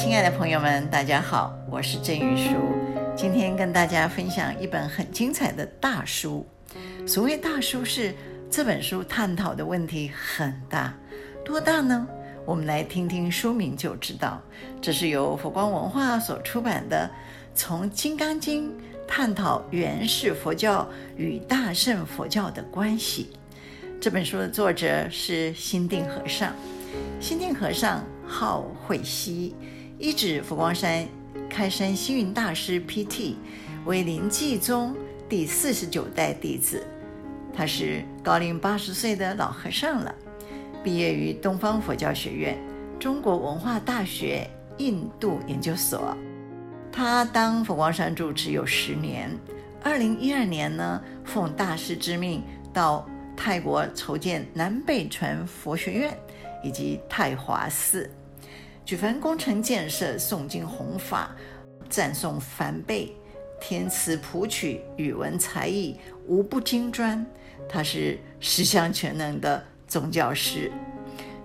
親愛的朋友們，大家好，我是鄭羽書。今天跟大家分享一本很精彩的大書。所謂大書是，是這本書探討的問題很大，多大呢？我們來聽聽書名就知道。這是由佛光文化所出版的《從金剛經探討原始佛教與大乘佛教的關係》。這本書的作者是心定和尚。心定和尚號慧西。一指佛光山開山星雲大師 P.T 為臨濟宗第四十九代弟子，他是高齡八十歲的老和尚了。畢業於東方佛教學院、中國文化大學印度研究所。他當佛光山住持有十年。二零一二年呢，奉大師之命到泰國籌建南北傳佛學院以及泰華寺。舉凡工程建設、誦經弘法、讚頌梵唄、填詞譜曲、語文才藝無不精專。他是十項全能的宗教師。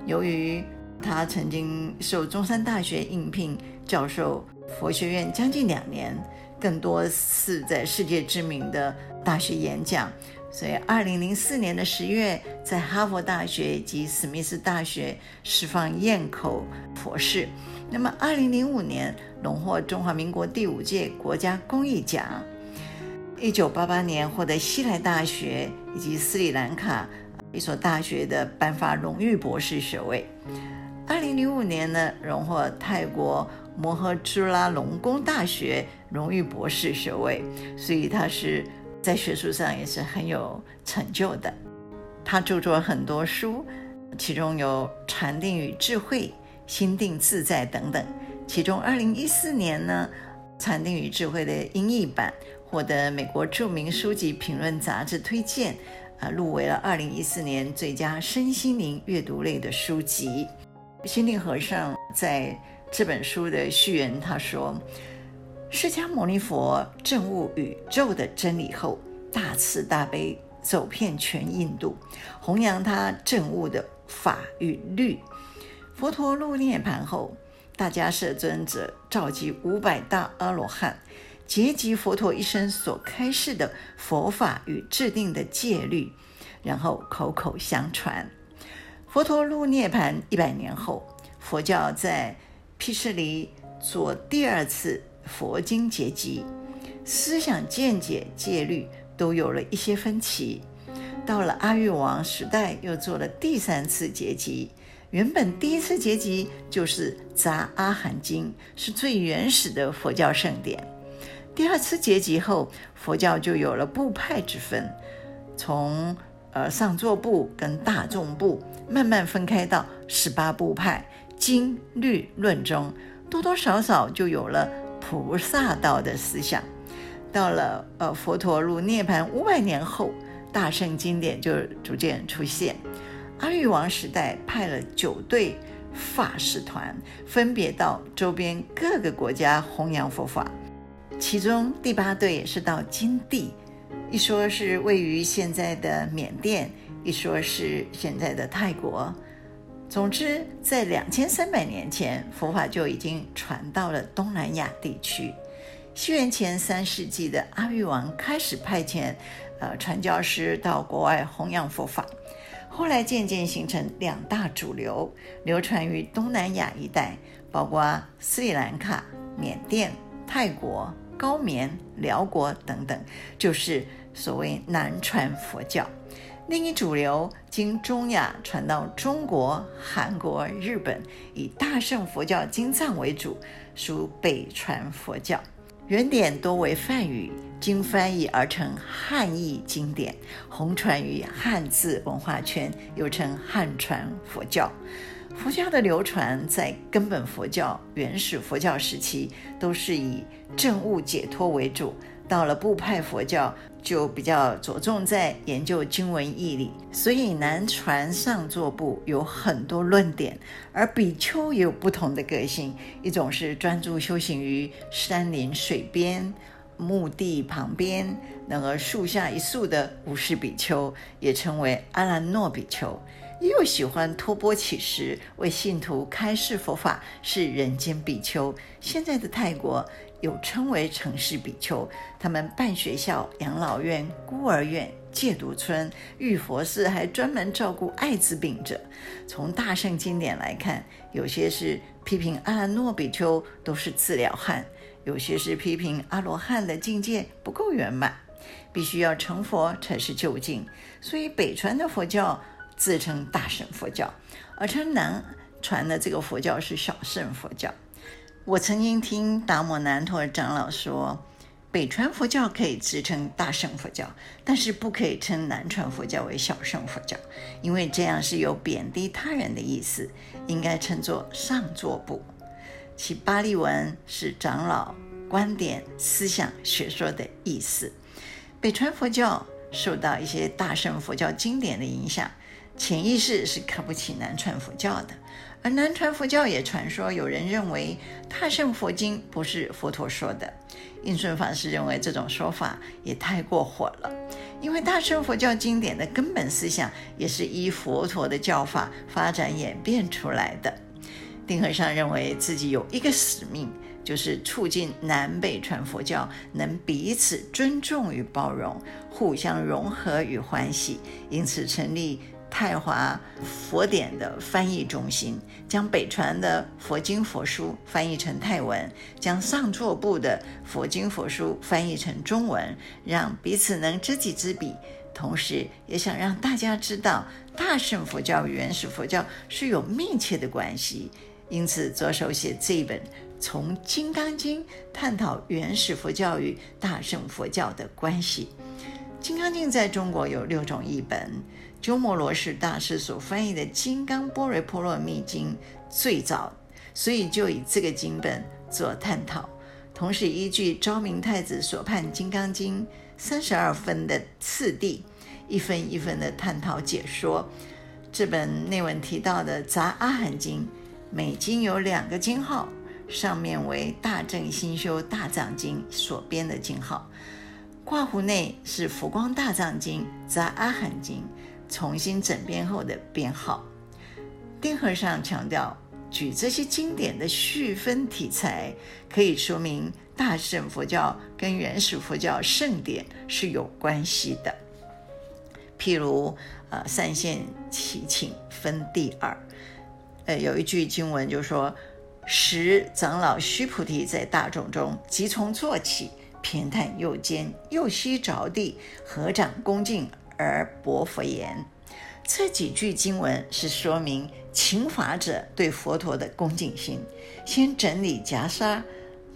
由於他曾經受中山大學應聘教授佛學院將近兩年，更多是在世界知名的大學演講。所以，二零零四年的十月，在哈佛大學以及史密斯大學釋放燕口博士。那麼，二零零五年榮獲中華民國第五屆國家公益獎。一九八八年獲得西來大學以及斯里蘭卡一所大學的頒發榮譽博士學位。二零零五年呢，榮獲泰國摩訶朱拉隆功大學榮譽博士學位。所以他是。在學術上也是很有成就的，他著作很多書，其中有《禪定與智慧》《心定自在》等等。其中，二零一四年呢，《禪定與智慧》的英譯版獲得美國著名書籍評論雜誌推薦，啊，入圍了二零一四年最佳身心靈閱讀類的書籍。心定和尚在這本書的序言，他說。釋迦牟尼佛證悟宇宙的真理後，大慈大悲走遍全印度，弘揚他證悟的法與律。佛陀入涅槃後，大迦葉尊者召集五百大阿羅漢，結集佛陀一生所開示的佛法與制定的戒律，然後口口相傳。佛陀入涅槃一百年後，佛教在毗舍離做第二次。佛經結集，思想見解、戒律都有了一些分歧。到了阿育王時代，又做了第三次結集。原本第一次結集就是《雜阿含經》，是最原始的佛教聖典。第二次結集後，佛教就有了部派之分，從呃上座部跟大眾部慢慢分開到十八部派，經、律、論中多多少少就有了菩薩道的思想，到了呃佛陀入涅槃五百年後，大乘經典就逐漸出現。阿育王時代派了九隊法師團，分別到周邊各個國家弘揚佛法。其中第八隊是到金地，一說是位於現在的緬甸，一說是現在的泰國。總之，在兩千三百年前，佛法就已經傳到了東南亞地區。西元前三世紀的阿育王開始派遣呃傳教師到國外弘揚佛法，後來漸漸形成兩大主流，流傳於東南亞一帶，包括斯里蘭卡、緬甸、泰國、高棉、寮國等等，就是所謂南傳佛教。另一主流，經中亞傳到中國、韓國、日本，以大乘佛教經藏為主，屬北傳佛教。原典多為梵語，經翻譯而成漢譯經典，弘傳於漢字文化圈，又稱漢傳佛教。佛教的流傳在根本佛教、原始佛教時期，都是以證悟解脫為主。到了部派佛教，就比較着重在研究經文義理，所以南傳上座部有很多論點，而比丘也有不同的個性。一種是專注修行於山林、水邊、墓地旁邊，那個樹下一宿的無事比丘，也稱為阿蘭諾比丘；又喜歡托缽乞食，為信徒開示佛法，是人間比丘。現在的泰國。有稱為城市比丘，他們辦學校、養老院、孤兒院、戒毒村、浴佛寺，還專門照顧艾滋病者。從大乘經典來看，有些是批評阿諾比丘都是自了漢，有些是批評阿羅漢的境界不夠圓滿，必須要成佛才是究竟。所以北傳的佛教自稱大乘佛教，而稱南傳的這個佛教是小乘佛教。我曾經聽達摩南陀長老說，北傳佛教可以自稱大乘佛教，但是不可以稱南傳佛教為小乘佛教，因為這樣是有貶低他人的意思，應該稱作上座部。其巴利文是長老觀點思想學說的意思。北傳佛教受到一些大乘佛教經典的影響，潛意識是看不起南傳佛教的。而南傳佛教也傳說，有人認為大乘佛經不是佛陀說的。印順法師認為這種說法也太過火了，因為大乘佛教經典的根本思想也是依佛陀的教法發展演變出來的。定和尚認為自己有一個使命，就是促進南北傳佛教能彼此尊重與包容，互相融合與歡喜，因此成立。泰華佛典的翻譯中心將北傳的佛經佛書翻譯成泰文，將上座部的佛經佛書翻譯成中文，讓彼此能知己知彼，同時也想讓大家知道大乘佛教與原始佛教是有密切的關係，因此着手寫這一本從《金剛經》探討原始佛教與大乘佛教的關係。《金剛經》在中國有六種譯本。鳩摩羅什大師所翻譯的《金剛般若波羅蜜經》最早，所以就以這個經本做探討。同時，依據昭明太子所判《金剛經》三十二分的次第，一分一分的探討解說。這本內文提到的《雜阿含經》，每經有兩個經號，上面為《大正新修大藏經》所編的經號，括弧內是《佛光大藏經》《雜阿含經》。重新整編後的編號，定和尚強調，舉這些經典的序分題材，可以說明大乘佛教跟原始佛教聖典是有關係的。譬如，呃，善現啟請分第二，呃，有一句經文就說：時長老須菩提在大眾中即從坐起，偏袒右肩，右膝着地，合掌恭敬。而白佛言，這幾句經文是說明請法者對佛陀的恭敬心。先整理袈裟，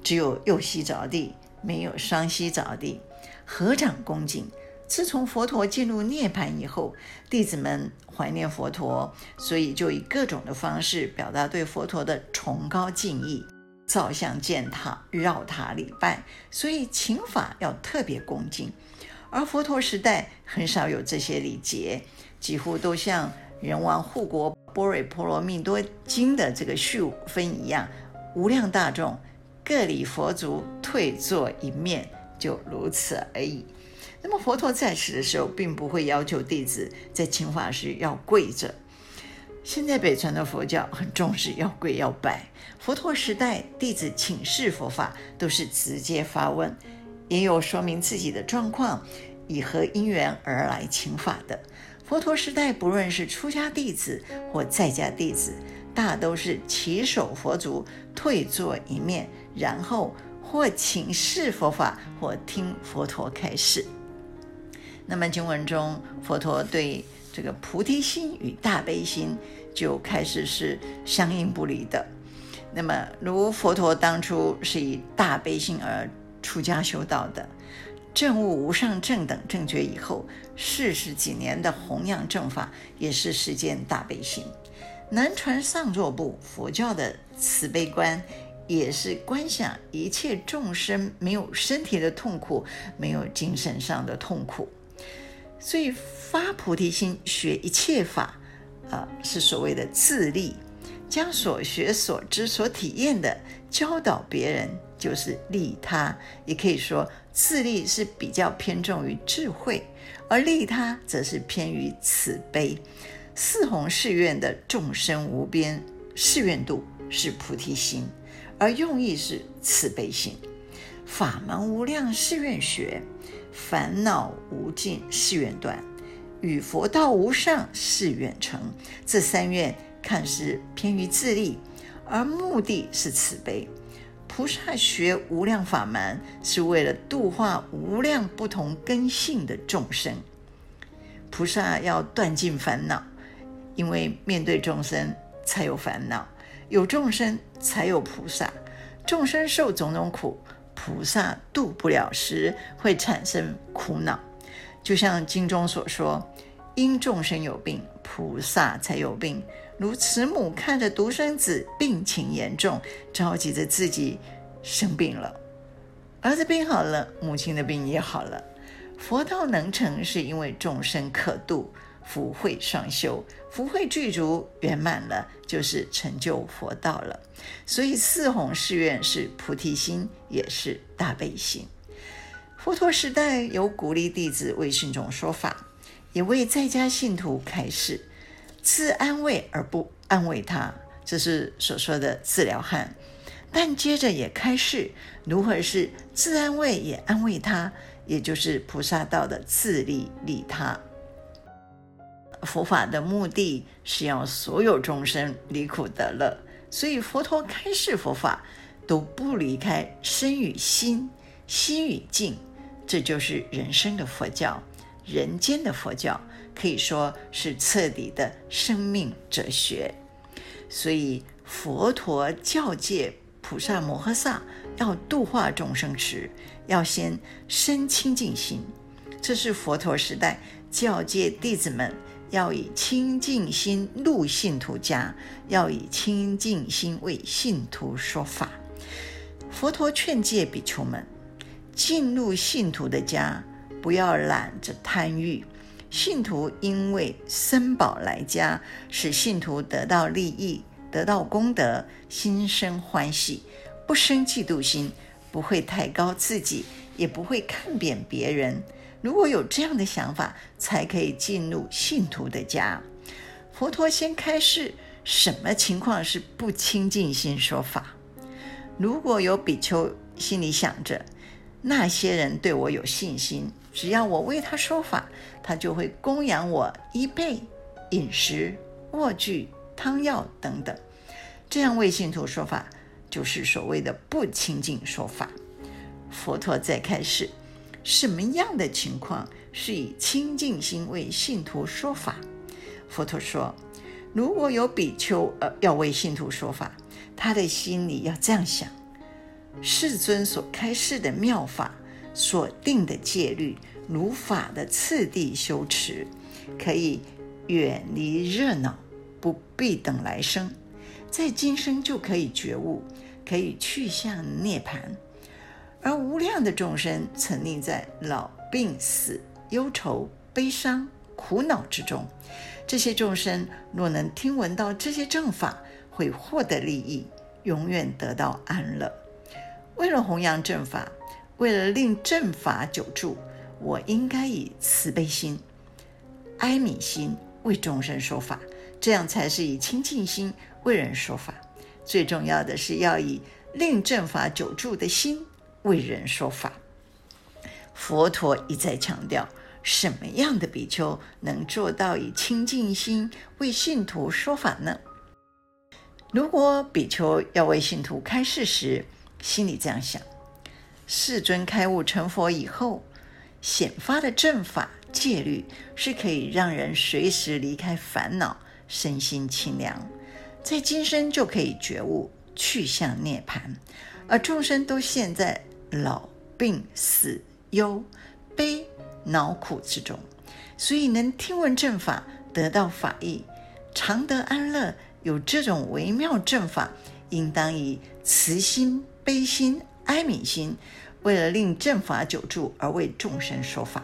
只有右膝着地，沒有雙膝着地，合掌恭敬。自從佛陀進入涅槃以後，弟子們懷念佛陀，所以就以各種的方式表達對佛陀的崇高敬意：造像建塔，繞塔禮拜。所以請法要特別恭敬。而佛陀時代很少有這些禮節，幾乎都像《仁王護國般若波羅蜜多經》的這個序分一樣，無量大眾各禮佛足，退坐一面，就如此而已。那麼佛陀在世的時候，並不會要求弟子在請法時要跪着。現在北傳的佛教很重視要跪要拜，佛陀時代弟子請示佛法都是直接發問。也有說明自己的狀況，以何因緣而來請法的。佛陀時代，不論是出家弟子或在家弟子，大都是稽首佛足，退坐一面，然後或請示佛法，或聽佛陀開示。那麼經文中，佛陀對這個菩提心與大悲心就開始是相應不離的。那麼如佛陀當初是以大悲心而。出家修道的證悟無上正等正覺以後，四十幾年的弘揚正法，也是世間大悲心。南傳上座部佛教的慈悲觀，也是觀想一切眾生沒有身體的痛苦，沒有精神上的痛苦。所以發菩提心，學一切法，啊、呃，是所謂的自利，將所學所知所體驗的教導別人。就是利他，也可以說自利是比較偏重於智慧，而利他則是偏於慈悲。四弘誓願的眾生無邊誓願度是菩提心，而用意是慈悲心。法門無量誓願學，煩惱無盡誓願斷，與佛道無上誓願成。這三願看似偏於自利，而目的是慈悲。菩薩學無量法門，是為了度化無量不同根性的眾生。菩薩要斷盡煩惱，因為面對眾生才有煩惱，有眾生才有菩薩。眾生受種種苦，菩薩度不了時會產生苦惱。就像經中所說：“因眾生有病，菩薩才有病。”如慈母看着獨生子病情嚴重，着急着自己生病了，兒子病好了，母親的病也好了。佛道能成，是因為眾生可度，福慧雙修，福慧具足圓滿了，就是成就佛道了。所以四弘誓願是菩提心，也是大悲心。佛陀時代有鼓勵弟子為信眾說法，也為在家信徒開示。自安慰而不安慰他，這是所說的自了漢。但接着也開示如何是自安慰也安慰他，也就是菩薩道的自利利他。佛法的目的是要所有眾生離苦得樂，所以佛陀開示佛法都不離開身與心，心與境，這就是人生的佛教，人間的佛教。可以說是徹底的生命哲學，所以佛陀教誡菩薩摩訶薩要度化眾生時，要先生清淨心。這是佛陀時代教誡弟子們要以清淨心入信徒家，要以清淨心為信徒說法。佛陀勸誡比丘們進入信徒的家，不要染著貪欲。信徒因為僧寶來家，使信徒得到利益，得到功德，心生歡喜，不生嫉妒心，不會抬高自己，也不會看扁別人。如果有這樣的想法，才可以進入信徒的家。佛陀先開示，什麼情況是不清淨心說法？如果有比丘心裡想着那些人對我有信心。只要我為他說法，他就會供養我衣被、飲食、臥具、湯藥等等。這樣為信徒說法，就是所謂的不清淨說法。佛陀在開示，什麼樣的情況是以清淨心為信徒說法？佛陀說，如果有比丘呃要為信徒說法，他的心裡要這樣想：世尊所開示的妙法。所定的戒律，如法的次第修持，可以遠離熱鬧，不必等來生，在今生就可以覺悟，可以去向涅槃。而無量的眾生沉溺在老病死、憂愁、悲傷、苦惱之中，這些眾生若能聽聞到這些正法，會獲得利益，永遠得到安樂。為了弘揚正法，為了令正法久住，我應該以慈悲心、哀憫心為眾生說法，這樣才是以清淨心為人說法。最重要的是要以令正法久住的心為人說法。佛陀一再強調，什麼樣的比丘能做到以清淨心為信徒說法呢？如果比丘要為信徒開示時，心裡這樣想。世尊開悟成佛以後，顯發的正法戒律是可以讓人隨時離開煩惱，身心清涼，在今生就可以覺悟去向涅槃，而眾生都陷在老病死憂悲惱苦之中，所以能聽聞正法，得到法益，常得安樂。有這種微妙正法，應當以慈心悲心、哀憫心，為了令正法久住而為眾生說法，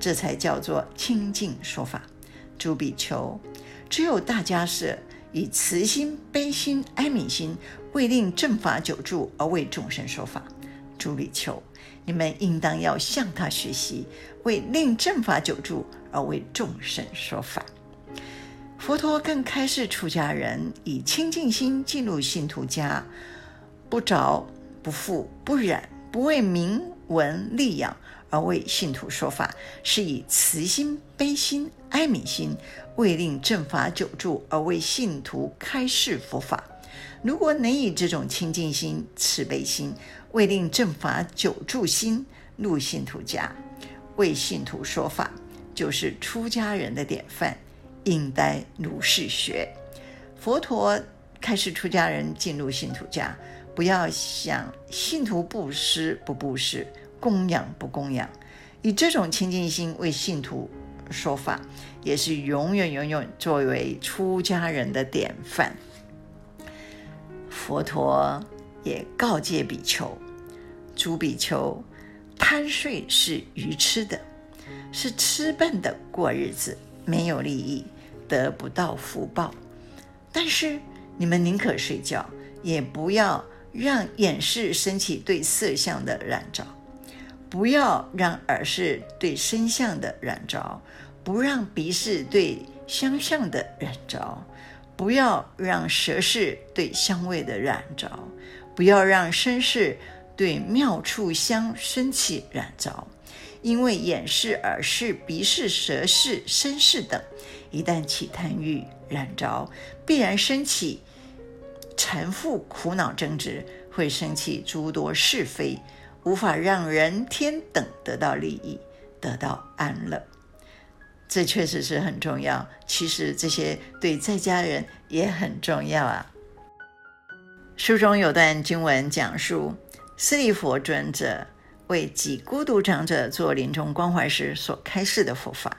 這才叫做清淨說法。諸比丘，只有大家是以慈心、悲心、哀憫心為令正法久住而為眾生說法。諸比丘，你們應當要向他學習，為令正法久住而為眾生說法。佛陀更開示出家人以清淨心進入信徒家，不着。不縛不染，不為名聞利養，而為信徒說法，是以慈心悲心哀憫心，為令正法久住而為信徒開示佛法。如果能以這種清淨心、慈悲心，為令正法久住心入信徒家，為信徒說法，就是出家人的典範，應該如是學。佛陀開示出家人進入信徒家。不要想信徒布施不布施，供養不供養，以這種清淨心為信徒說法，也是永遠永遠作為出家人的典範。佛陀也告誡比丘：諸比丘貪睡是愚癡的，是癡笨的過日子，沒有利益，得不到福報。但是你們寧可睡覺，也不要。讓眼識升起對色相的染着，不要讓耳識對聲相的染着，不讓鼻識對香相的染着，不要讓舌識對香味的染着，不要讓身識對妙觸相升起染着。因為眼識、耳識、鼻識、舌識、身識等，一旦起貪欲染着，必然升起。產婦苦惱爭執，會生起諸多是非，無法讓人天等得到利益，得到安樂。這確實是很重要。其實這些對在家人也很重要啊。書中有段經文講述，舍利弗尊者，為給孤獨長者做臨終關懷時所開示的佛法，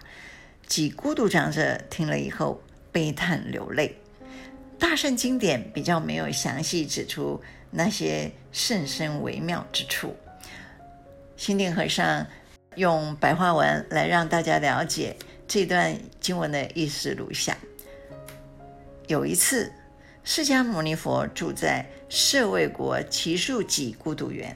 給孤獨長者聽了以後悲嘆流淚。大聖經典比較沒有詳細指出那些甚深微妙之處。心定和尚用白話文來讓大家了解這段經文的意思如下：有一次，釋迦牟尼佛住在舍衛國祇樹給孤獨園，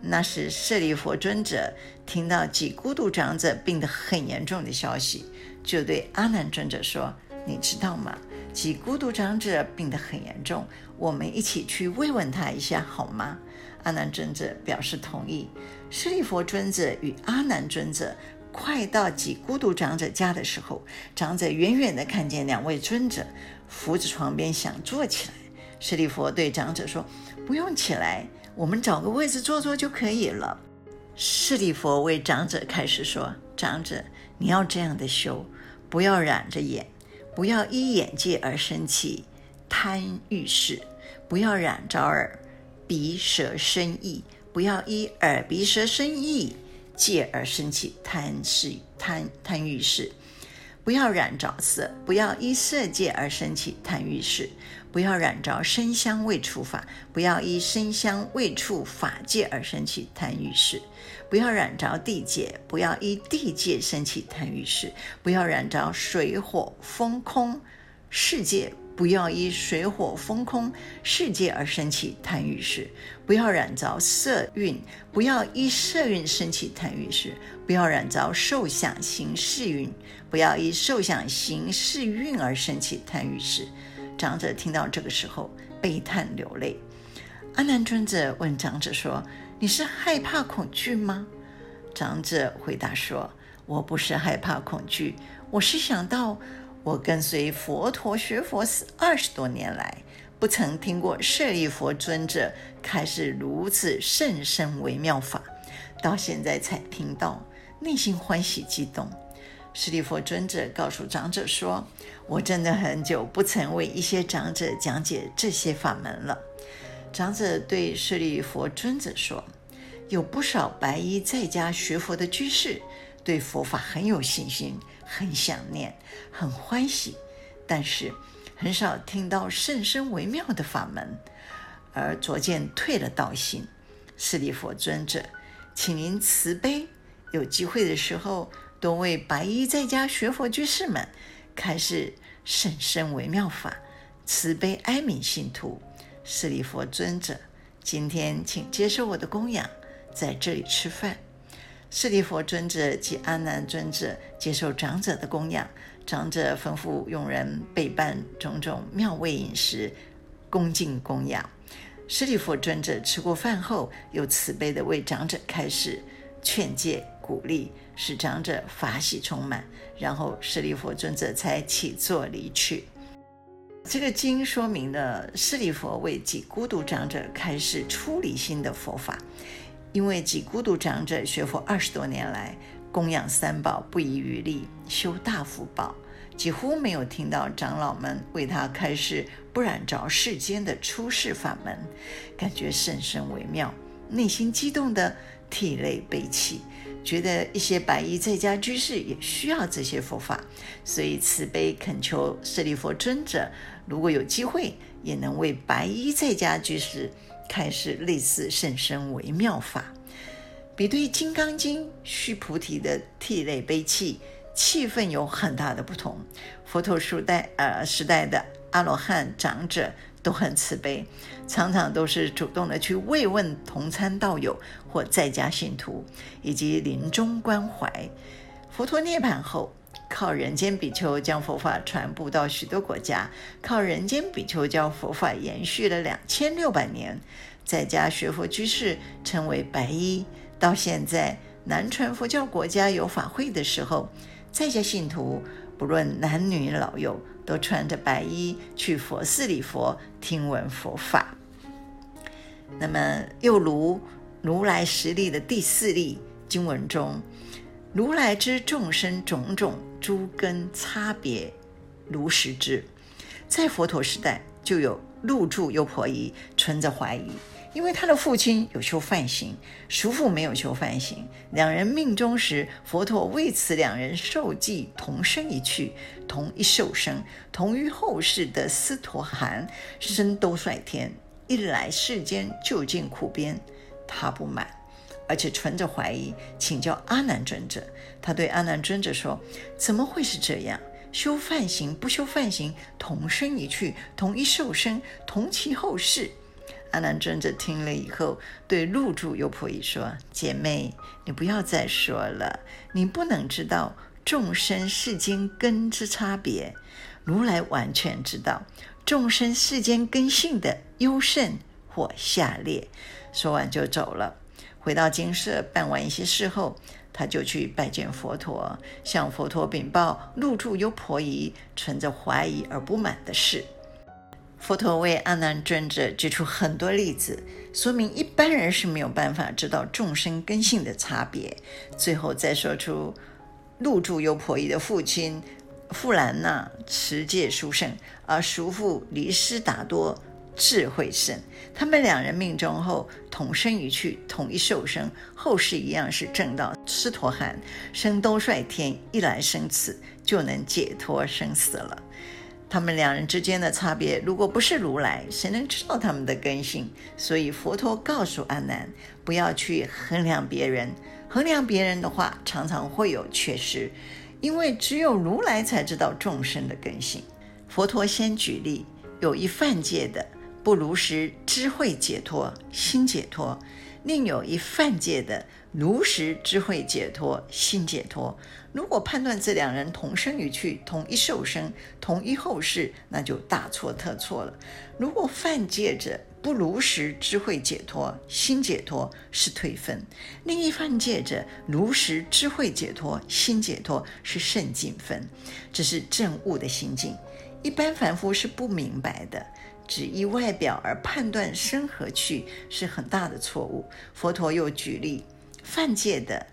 那時舍利弗尊者聽到給孤獨長者病得很嚴重的消息，就對阿難尊者說：“你知道嗎？”給孤獨長者病得很嚴重，我們一起去慰問他一下好嗎？阿難尊者表示同意。舍利弗尊者與阿難尊者快到給孤獨長者家的時候，長者遠遠地看見兩位尊者，扶着床邊想坐起來。舍利弗對長者說：“不用起來，我們找個位置坐坐就可以了。”舍利弗為長者開始說：“長者，你要這樣的修，不要染着眼。”不要依眼界而生起貪欲事；不要染着耳、鼻、舌身意；不要依耳、鼻、舌身意界而生起貪是貪貪欲事；不要染着色，不要依色界而生起貪欲事。不要染着聲香味觸法，不要依聲香味觸法界而生起貪欲事；不要染着地界，不要依地界生起貪欲事；不要染着水火風空世界，不要依水火風空世界而生起貪欲事；不要染着色蘊，不要依色蘊生起貪欲事；不要染着受想行識蘊，不要依受想行識蘊而生起貪欲事。長者聽到這個時候，悲嘆流淚。阿難尊者問長者說：“你是害怕恐懼嗎？”長者回答說：“我不是害怕恐懼，我是想到我跟隨佛陀學佛二十多年來，不曾聽過舍利佛尊者開示如此甚深微妙法，到現在才聽到，內心歡喜激動。”舍利佛尊者告訴長者說：我真的很久不曾為一些長者講解這些法門了。長者對舍利弗尊者說：“有不少白衣在家學佛的居士，對佛法很有信心，很想念，很歡喜，但是很少聽到甚深微妙的法門，而逐漸退了道心。”舍利弗尊者，請您慈悲，有機會的時候多為白衣在家學佛居士們開示。甚深微妙法，慈悲哀憫信徒，舍利弗尊者，今天請接受我的供養，在這裡吃飯。舍利弗尊者及阿難尊者接受長者的供養，長者吩咐傭人備辦種種妙味飲食，恭敬供養。舍利弗尊者吃過飯後，又慈悲地為長者開示，勸誡鼓勵。使長者法喜充滿，然後舍利弗尊者才起座離去。這個經說明了舍利弗為給孤獨長者開示出離心的佛法，因為給孤獨長者學佛二十多年來供養三寶不遺餘力修大福報，幾乎沒有聽到長老們為他開示不染着世間的出世法門，感覺甚深微妙，內心激動的涕淚悲泣。覺得一些白衣在家居士也需要這些佛法，所以慈悲懇求舍利弗尊者，如果有機會，也能為白衣在家居士開示類似甚深微妙法。比對《金剛經》，須菩提的涕淚悲泣，氣氛有很大的不同。佛陀時代，呃，時代的阿羅漢長者。都很慈悲，常常都是主動的去慰問同參道友或在家信徒，以及臨終關懷。佛陀涅槃後，靠人間比丘將佛法傳播到許多國家，靠人間比丘將佛法延續了兩千六百年。在家學佛居士稱為白衣。到現在，南傳佛教國家有法會的時候，在家信徒不論男女老幼。都穿着白衣去佛寺禮佛，聽聞佛法。那麼，又如如來十力的第四力經文中，如來知眾生種種諸根差別，如實知。在佛陀時代，就有鹿住優婆夷存着懷疑。因為他的父親有修梵行，叔父沒有修梵行，兩人命終時，佛陀為此兩人授記同生一趣，同一受生，同於後世的斯陀含生兜率天，一來世間就盡苦邊。他不滿，而且存着懷疑，請教阿難尊者。他對阿難尊者說：“怎麼會是這樣？修梵行不修梵行，同生一去，同一受生，同其後世。”阿難尊者聽了以後，對鹿住優婆夷說：“姐妹，你不要再說了，你不能知道眾生世間根之差別，如來完全知道眾生世間根性的優勝或下劣。”說完就走了。回到精舍辦完一些事後，他就去拜見佛陀，向佛陀稟報鹿住優婆夷存着懷疑而不滿的事。佛陀為阿難尊者舉出很多例子，說明一般人是沒有辦法知道眾生根性的差別。最後再說出，鹿住優婆夷的父親富蘭那持戒殊勝，而叔父梨師達多智慧勝，他們兩人命中後同生一趣，同一受生，後世一樣是證得斯陀含生兜率天一來生此，就能解脫生死了。他們兩人之間的差別，如果不是如來，誰能知道他們的根性？所以佛陀告訴阿難，不要去衡量別人，衡量別人的話，常常會有缺失，因為只有如來才知道眾生的根性。佛陀先舉例，有一犯戒的不如實知慧解脫心解脫，另有一犯戒的。如實智慧解脫心解脫，如果判斷這兩人同生與去，同一受生，同一後世，那就大錯特錯了。如果犯戒者不如實智慧解脫心解脫是退分，另一犯戒者如實智慧解脫心解脫是勝進分，這是證悟的心境。一般凡夫是不明白的，只依外表而判斷生和去是很大的錯誤。佛陀又舉例。犯戒的、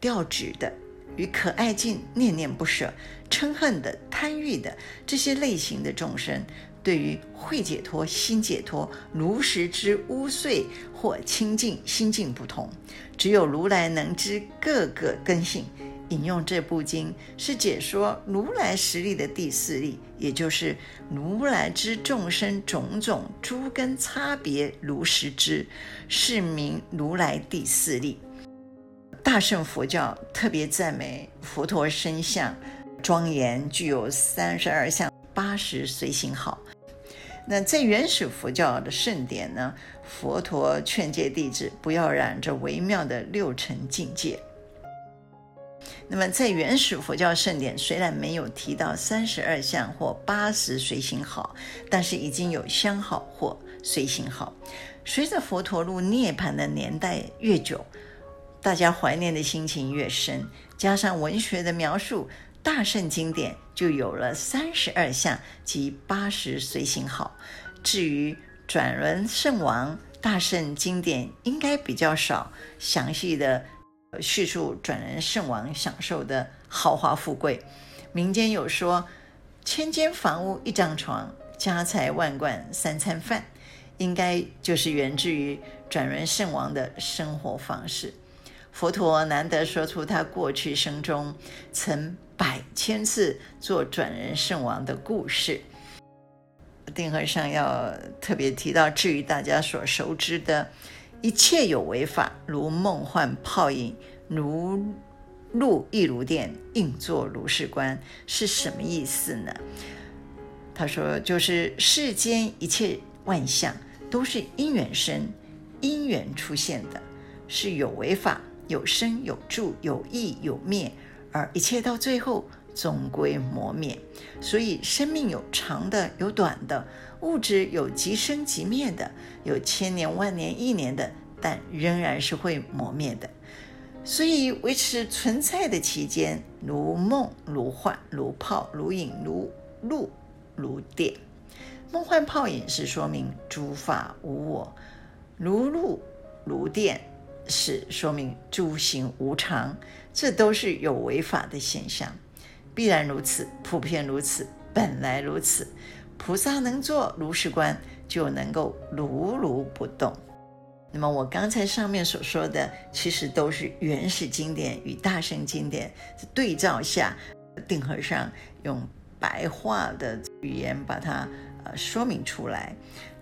調職的、與可愛境念念不捨、嗔恨的、貪欲的這些類型的眾生，對於慧解脫、心解脫、如實知污穢或清淨心境不同，只有如來能知各個根性。引用這部經是解說如來十力的第四力，也就是如來知眾生種種諸根差別如實知，是名如來第四力。大乘佛教特別讚美佛陀身相莊嚴，具有三十二相、八十隨行好。那在原始佛教的聖典呢？佛陀勸誡弟子不要染着微妙的六塵境界。那麼在原始佛教聖典雖然沒有提到三十二相或八十隨行好，但是已經有相好或隨行好。隨着佛陀入涅槃的年代越久。大家懷念的心情越深，加上文學的描述，大乘經典就有了三十二相及八十隨形好。至於轉輪聖王，大乘經典應該比較少詳細的敘述轉輪聖王享受的豪華富貴。民間有說，千間房屋一張床，家財萬貫三餐飯，應該就是源自於轉輪聖王的生活方式。佛陀難得說出他過去生中曾百千次做轉輪聖王的故事。定和尚要特別提到，至於大家所熟知的“一切有為法，如夢幻泡影，如露亦如電，應作如是觀”是什麼意思呢？他說：“就是世間一切萬象都是因緣生，因緣出現的，是有為法。”有生有住，有異有滅，而一切到最後終歸磨滅。所以生命有長的，有短的；物質有即生即滅的，有千年萬年一年的，但仍然是會磨滅的。所以維持存在的期間，如夢如幻，如泡如影，如露如電。夢幻泡影是說明諸法無我；如露如電，是說明諸行無常，這都是有為法的現象，必然如此，普遍如此，本來如此。菩薩能做如是觀，就能夠如如不動。那麼我剛才上面所說的，其實都是原始經典與大乘經典對照下，定和尚用白話的語言把它呃說明出來。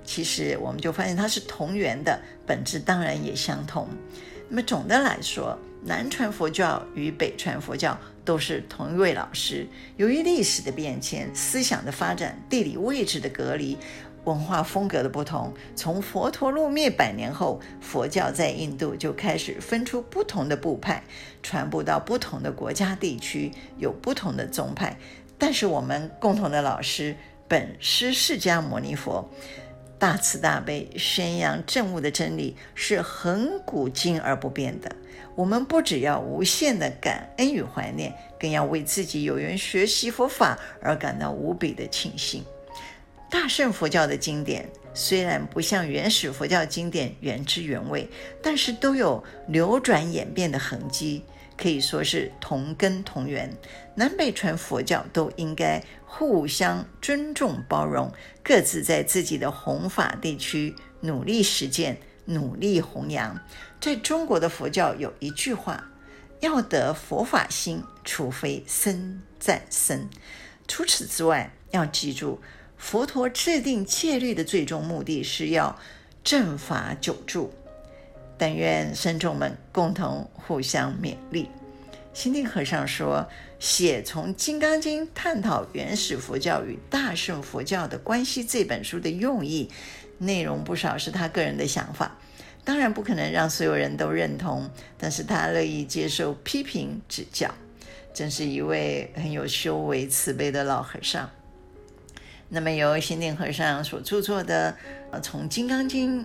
其實我們就發現它是同源的，本質當然也相同。那麼總的來說，南傳佛教與北傳佛教都是同一位老師。由於歷史的變遷、思想的發展、地理位置的隔離、文化風格的不同，從佛陀入滅百年後，佛教在印度就開始分出不同的部派，傳播到不同的國家地區，有不同的宗派。但是我們共同的老師本師釋迦牟尼佛。大慈大悲，宣揚證悟的真理是亙古今而不變的。我們不只要無限的感恩與懷念，更要為自己有緣學習佛法而感到無比的慶幸。大乘佛教的經典雖然不像原始佛教經典原汁原味，但是都有流轉演變的痕跡。可以說是同根同源，南北傳佛教都應該互相尊重、包容，各自在自己的弘法地區努力實踐、努力弘揚。在中國的佛教有一句話：要得佛法心，除非僧讚僧。除此之外，要記住，佛陀制定戒律的最終目的是要正法久住。但願僧眾們共同互相勉勵。心定和尚說：“寫從《金剛經》探討原始佛教與大乘佛教的關係這本書的用意，內容不少是他個人的想法，當然不可能讓所有人都認同。但是他樂意接受批評指教，真是一位很有修為、慈悲的老和尚。”那麼，由心定和尚所著作的《呃從金剛經》。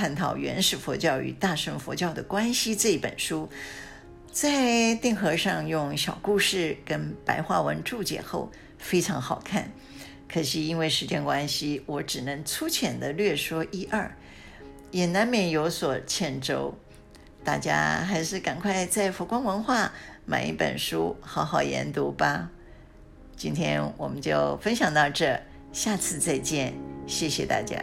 探討原始佛教與大乘佛教的關係這一本書，在定和尚用小故事跟白話文注解後非常好看，可惜因為時間關係，我只能粗淺地略說一二，也難免有所欠周，大家還是趕快在佛光文化買一本書，好好研讀吧。今天我們就分享到這，下次再見，謝謝大家。